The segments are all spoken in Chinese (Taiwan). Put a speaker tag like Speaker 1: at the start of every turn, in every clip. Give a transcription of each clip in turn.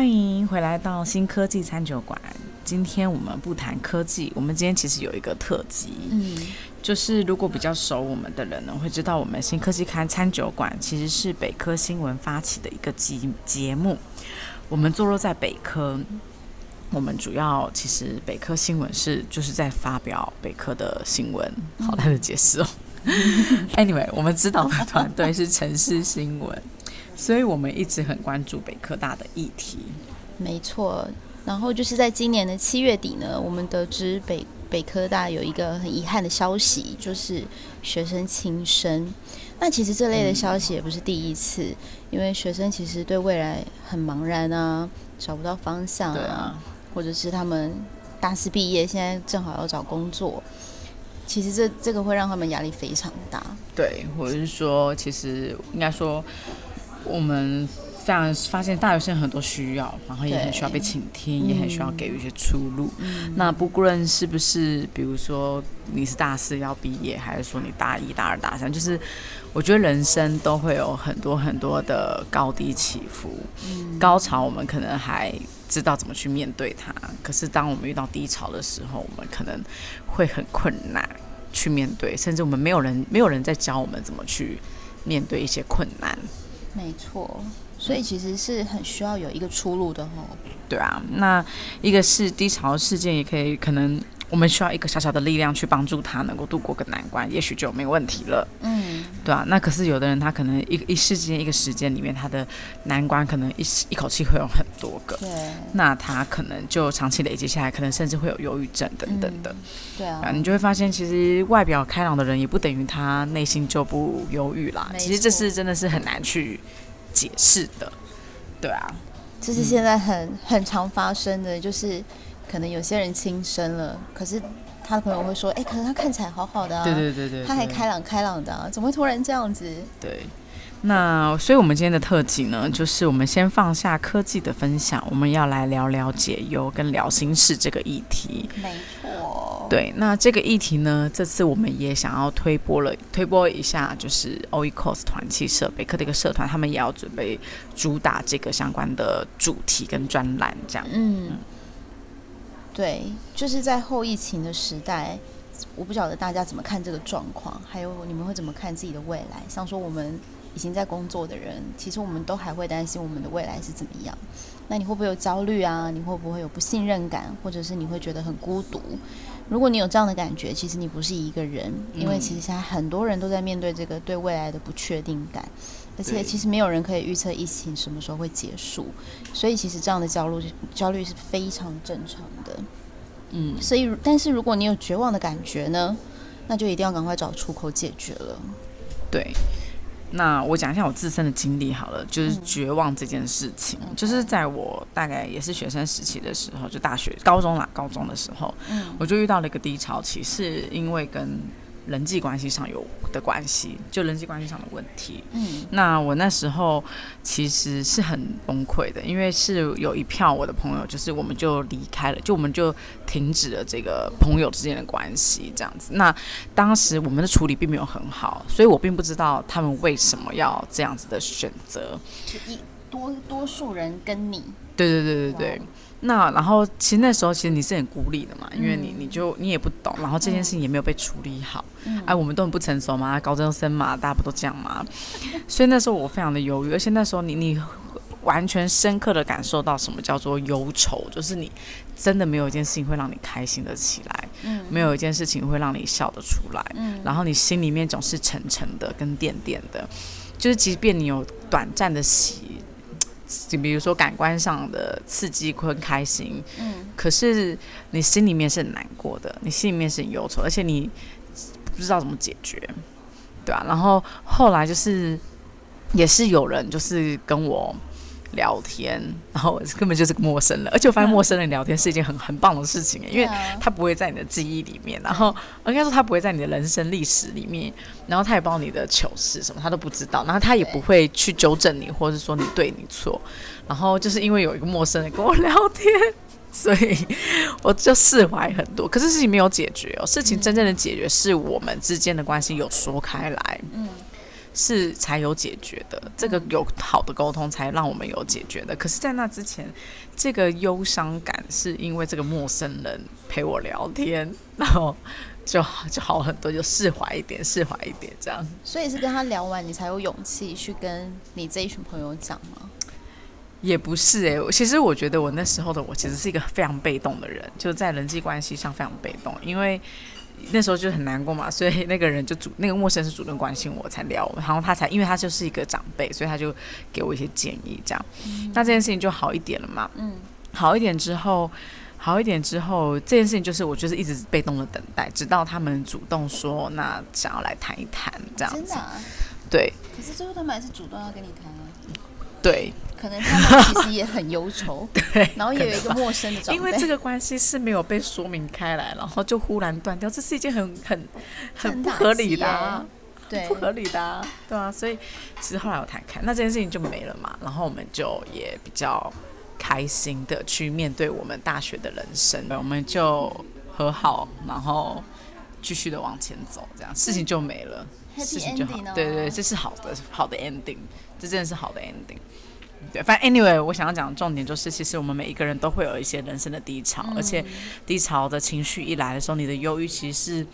Speaker 1: 歡迎回來到新科技餐酒館。今天我們不談科技，我們今天其實有一個特輯。嗯，就是如果比較熟我們的人呢，會知道我們新科技餐餐酒館其實是北科新聞發起的一個節節目。我們坐落在北科，我們主要其實北科新聞是就是在發表北科的新聞。好來的、喔，來、嗯，我解釋哦。Anyway，我們指導的團隊是城市新聞。所以我們一直很關注北科大的議題。
Speaker 2: 沒錯，然後就是在今年的七月底呢，我們得知北北科大有一個很遺憾的消息，就是學生輕生。那其實這類的消息也不是第一次，欸、因為學生其實對未來很茫然啊，找不到方向啊，對或者是他們大四畢業，現在正好要找工作，其實這這個會讓他們壓力非常大。
Speaker 1: 對，或者是說，其實應該說。我們非常發現大學生很多需要，然後也很需要被傾聽，對也很需要給予一些出路。嗯、那不不論是不是，比如說你是大四要畢業，還是說你大一、大二、大三，嗯、就是我覺得人生都會有很多很多的高低起伏。嗯、高潮我們可能還知道怎麼去面對它，可是當我們遇到低潮的時候，我們可能會很困難去面對，甚至我們沒有人沒有人在教我們怎麼去面對一些困難。沒錯，
Speaker 2: 所以其實是很需要有一個出路的吼。
Speaker 1: 對啊，那一個是低潮事件，也可以可能我們需要一個小小的力量去幫助他能夠度過個難關，也許就沒有問題了。嗯。對啊，那可是有的人，他可能一一時之間，一個時間裡面，他的難關可能一一口氣會有很多個。對，那他可能就長期累積下來，可能甚至會有憂鬱症等等的。嗯、對啊，你就會發現，其實外表開朗的人，也不等於他內心就不憂鬱啦。其實這是真的是很難去解釋的。對啊，這是現
Speaker 2: 在很、嗯、很常發生的，就是可能有些人輕生了，可是。他的朋友會說：“哎、欸，可能他看起來好好的，啊，對對對對，對，他還開朗開朗的，啊，怎麼會突然這樣子？”對，
Speaker 1: 那所以，我們今天的特輯呢，就是我們先放下科技的分享，我們要來聊聊解憂跟聊心事這個議題。沒錯錯。對，那這個議題呢，這次我們也想要推播了，推播一下，就是 OIKOS 團契社北科的一個社團，他們也要準備主打這個相關的主題跟專欄，這樣。嗯。
Speaker 2: 對，就是在後疫情的時代，我不曉得大家怎麼看這個狀況，還有你們會怎麼看自己的未來？像說我們已經在工作的人，其實我們都還會擔心我們的未來是怎麼樣。那你會不會有焦慮啊？你會不會有不信任感，或者是你會覺得很孤獨？如果你有這樣的感覺，其實你不是一個人，因為其實現在很多人都在面對這個對未來的不確定感。而且其實沒有人可以預測疫情什麼時候會結束，所以其實這樣的焦慮焦慮是非常正常的。嗯，所以但是如果你有絕望的感覺呢，那就一定要趕快找出口解決了。
Speaker 1: 對，那我講一下我自身的經歷好了，就是絕望這件事情，嗯，就是在我大概也是學生時期的時候，就大學、高中啦，高中的時候，嗯，我就遇到了一個低潮期，是因為跟人際關係上有的關係，就人際關係上的問題。嗯，那我那時候其實是很崩潰的，因為是有一票我的朋友，就是我們就離開了，就我們就停止了這個朋友之間的關係，這樣子。那當時我們的處理並沒有很好，所以我並不知道他們為什麼要這樣子的選擇。
Speaker 2: 多多數人跟你，
Speaker 1: 對對對對對。Wow 那然後，其實那時候其實你是很孤立的嘛，因為你你就你也不懂，然後這件事情也沒有被處理好。哎、嗯啊，我們都很不成熟嘛，高中生嘛，大家不都這樣嘛。 所以那時候我非常的憂鬱，而且那時候你你完全深刻的感受到什麼叫做憂愁，就是你真的沒有一件事情會讓你開心的起來，嗯，沒有一件事情會讓你笑得出來，嗯，然後你心裡面總是沉沉的跟甸甸的，就是即便你有短暫的喜。就比如說感官上的刺激，很開心，嗯、可是你心裡面是很難過的，你心裡面是很憂愁，而且你不知道怎麼解決，對啊，然後後來就是，也是有人就是跟我。聊天，然後根本就是個陌生人，而且我發現陌生人聊天是一件很很棒的事情耶，因為他不會在你的記憶裡面，然後應該說他不會在你的人生歷史裡面，然後他也不知道你的糗事什麼，他都不知道，然後他也不會去糾正你，或者說你對你錯，然後就是因為有一個陌生人跟我聊天，所以我就釋懷很多，可是事情沒有解決哦，事情真正的解決是我們之間的關係有說開來。是才有解決的，這個有好的溝通才讓我們有解決的。可是，在那之前，這個憂傷感是因為這個陌生人陪我聊天，然後就就好很多，就釋懷一點，釋懷一點這樣。
Speaker 2: 所以是跟他聊完，你才有勇氣去跟你這一群朋友講嗎？
Speaker 1: 也不是哎、欸，其實我覺得我那時候的我，其實是一個非常被動的人，就在人際關係上非常被動，因為，那時候就很難過嘛，所以那個人就主那個陌生人是主動關心我才聊我，然後他才，因為他就是一個長輩，所以他就給我一些建議，這樣，嗯、哼那這件事情就好一點了嘛，嗯，好一點之後，好一點之後，這件事情就是我就是一直被動的等待，直到他們主動說那想要來談一談這樣。真的啊？對，
Speaker 2: 可是最後他們還是主動要跟你談啊。
Speaker 1: 對，可能他們其實也很憂愁， 對。然後也有一個陌生的長輩，因為這個關係是沒有被說明開來，然後就忽然斷掉，這是一件很很很不合理的、啊，
Speaker 2: 對，不合
Speaker 1: 理的、啊，對啊。所以其實後來我談開，那這件事情就沒了嘛。然後我們就也比較開心的去面對我們大學的人生，我們就和好，然後繼續的往前走，這樣事情就沒了。事情就好、哦、對對，這是好的、好的 ending，這真的是好的 ending。對，反正 anyway，我想要講的重點就是，其實我們每一個人都會有一些人生的低潮，嗯、而且低潮的情緒一來的時候，你的憂鬱其實是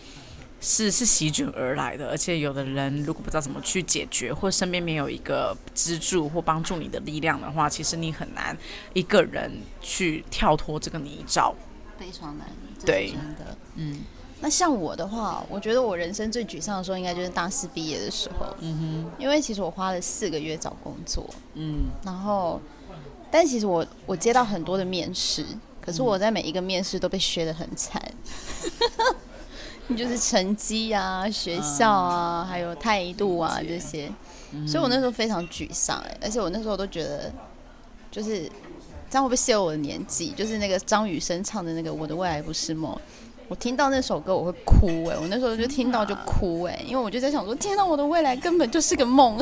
Speaker 1: 是是席捲而來的。而且有的人如果不知道怎麼去解決，或身邊沒有一個支柱或幫助你的力量的話，其實你很難一個人去跳脫這個泥沼，非常
Speaker 2: 難。就是、對，真
Speaker 1: 的，嗯。
Speaker 2: 那像我的話，我覺得我人生最沮喪的時候，應該就是大四畢業的時候。嗯哼，因為其實我花了四個月找工作。嗯，然後，但其實我我接到很多的面試，可是我在每一個面試都被削得很慘。嗯、 你就是成績啊、學校啊、嗯、還有態度啊這些，嗯、哼所以我那時候非常沮喪、欸。哎，而且我那時候都覺得，就是這樣會不會洩漏我的年紀？就是那個張雨生唱的那個《我的未來不是夢》。我聽到那首歌我會哭、欸、我那時候就聽到就哭、欸、因為我就在想說，天哪，我的未來根本就是個夢，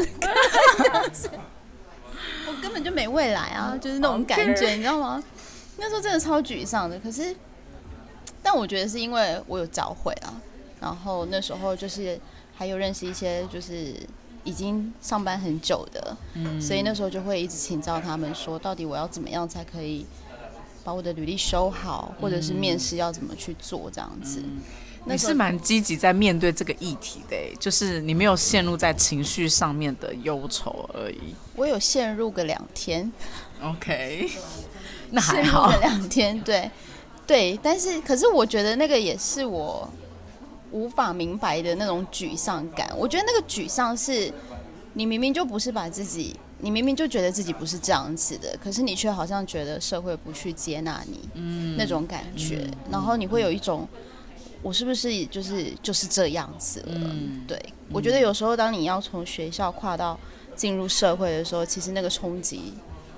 Speaker 2: 我根本就沒未來啊，就是那種感覺，Okay. 你知道嗎？那時候真的超沮喪的。可是，但我覺得是因為我有找回啊。然後那時候就是還有認識一些就是已經上班很久的，嗯，所以那時候就會一直請教他們說，到底我要怎麼樣才可以。把我的履歷修好，或者是面試要怎麼去做這
Speaker 1: 樣子，嗯那個、你是蠻積極在面對這個議題的、欸，就是你沒有陷入在情緒上面的憂愁而已。
Speaker 2: 我有陷入個兩天
Speaker 1: ，OK， 那還好，陷入個兩
Speaker 2: 天，對，對，但是可是我覺得那個也是我無法明白的那種沮喪感。我覺得那個沮喪是，你明明就不是把自己。你明明就覺得自己不是這樣子的，可是你卻好像覺得社會不去接納你，嗯、那種感覺，嗯、然後你會有一種，嗯、我是不是就是就是這樣子了？嗯、對、嗯、我覺得有時候當你要從學校跨到進入社會的時候，其實那個衝擊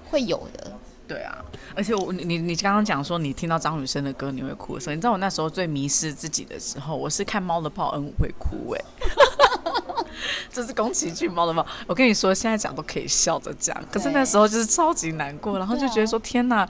Speaker 2: 會有的。
Speaker 1: 對啊，而且我你你剛剛講說你聽到張雨生的歌你會哭的時候，的所以你知道我那時候最迷失自己的時候，我是看貓的報恩我會哭哎、欸。 這是宮崎駿貓的貓，我跟你說，現在講都可以笑着講，可是那時候就是超級難過，然後就覺得說天哪，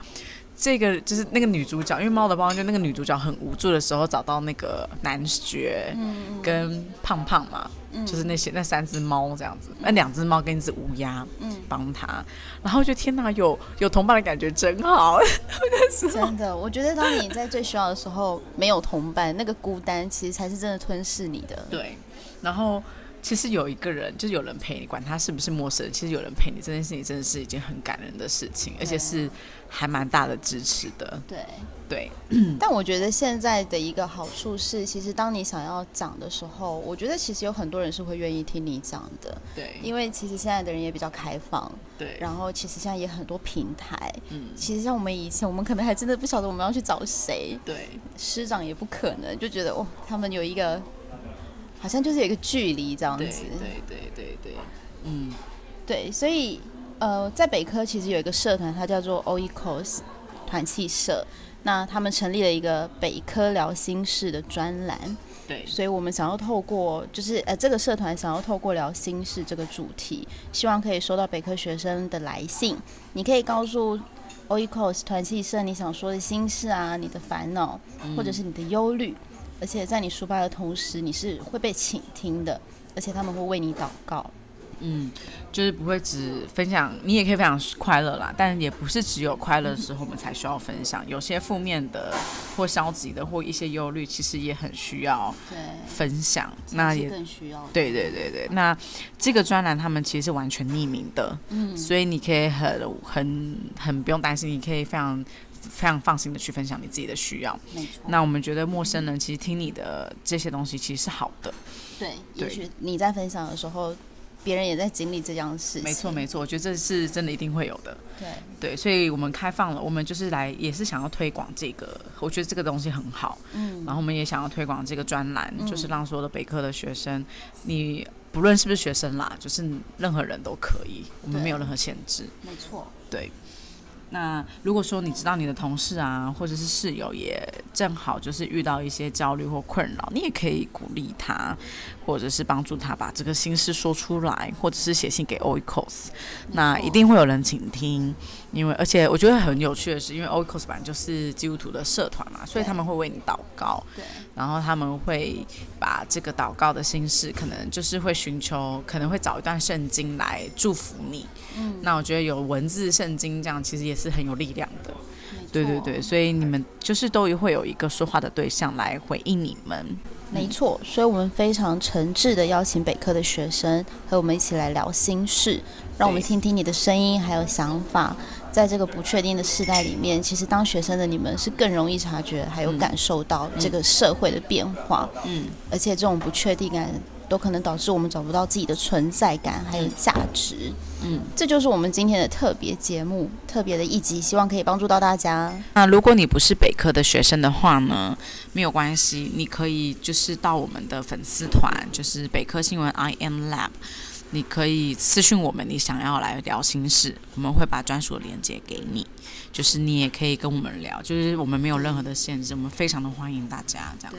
Speaker 1: 這個就是那個女主角，因為貓的貓就那個女主角很無助的時候，找到那個男爵，嗯，跟胖胖嘛，嗯，就是那些那三隻貓這樣子，那兩隻貓跟一隻烏鴉，嗯，幫他，然後就天哪，有有同伴的感覺真好，真
Speaker 2: 的是真的，我覺得當你在最需要的時候沒有同伴， 那個孤單其實才是真的吞噬你的，
Speaker 1: 對，然後。其實有一個人，就是有人陪你，管他是不是陌生人。其實有人陪你這件事情，真的是一件很感人的事情，Okay. 而且是還蠻大的支持的。對對，對
Speaker 2: 但我覺得現在的一個好處是，其實當你想要講的時候，我覺得其實有很多人是會願意聽你講的。對，因為其實現在的人也比較開放。對，然後其實現在也很多平台。嗯，其實像我們以前，我們可能還真的不曉得我們要去找誰。對，師長也不可能就覺得哦，他們有一個。好像就是有一個距離這樣子，對，對對
Speaker 1: 對對對，嗯，
Speaker 2: 對，所以呃，在北科其實有一個社團，它叫做 OIKOS 團契社，那他們成立了一個北科聊心事的專欄，對，所以我們想要透過，就是呃，這個社團想要透過聊心事這個主題，希望可以收到北科學生的來信，你可以告訴 OIKOS 團契社你想說的心事啊，你的煩惱、嗯、或者是你的憂慮。而且在你抒發的同時，你是會被傾聽的，而且他們會為你禱告。
Speaker 1: 嗯，就是不會只分享，你也可以分享快樂啦。但也不是只有快樂的時候我們才需要分享，有些負面的或消極的或一些憂慮，其實也很需要分享。對那也更需要。對對對對，那這個專欄他們其實是完全匿名的，嗯，所以你可以很很很不用擔心，你可以非常。非常放心的去分享你自己的需要，沒錯那我們覺得陌生人其實聽你的這些東西其實是好的，
Speaker 2: 對，對也許你在分享的時候，
Speaker 1: 別人也在經歷這件事情，沒錯沒錯，我覺得這是真的一定會有的，對對，對，所以我們開放了，我們就是來也是想要推廣這個，我覺得這個東西很好，嗯，然後我們也想要推廣這個專欄，就是讓所有的北科的學生，嗯，你不論是不是學生啦，就是任何人都可以，對我們沒有任何限制，沒錯，對。那如果說你知道你的同事啊，或者是室友也正好就是遇到一些焦慮或困擾，你也可以鼓勵他，或者是幫助他把這個心事說出來，或者是寫信給 Oikos，那一定會有人傾聽。因為而且我覺得很有趣的是，因為 Oikos 本來就是基督徒的社團嘛，所以他們會為你禱告，對。然後他們會把這個禱告的心事，可能就是會尋求，可能會找一段聖經來祝福你。嗯，那我覺得有文字聖經這樣，其實也。是很有力量的，沒錯，對對對，所以你們就是都會有一個說話的對象來回應你們，沒
Speaker 2: 錯，所以我們非常誠摯地邀請北科的學生和我們一起來聊心事，讓我們聽聽你的聲音還有想法。在這個不確定的時代裡面，其實當學生的你們是更容易察覺還有感受到這個社會的變化，嗯，嗯，而且這種不確定感，都可能導致我們找不到自己的存在感，還有價值。嗯，嗯，這就是我們今天的特別節目，特別的一集，
Speaker 1: 希望可以幫助到大家。那如果你不是北科的學生的話呢，沒有關係，你可以就是到我們的粉絲團，就是北科新聞 IM Lab，你可以私訊我們，你想要來聊心事，我們會把專屬的鏈接給你。就是你也可以跟我們聊，就是我們沒有任何的限制，嗯，我們非常的歡迎大家這樣子。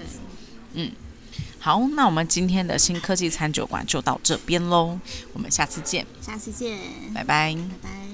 Speaker 1: 對嗯。好，那我們今天的新科技餐酒館就到這邊嘍。我們下次見，
Speaker 2: 下次見，拜
Speaker 1: 拜，拜拜。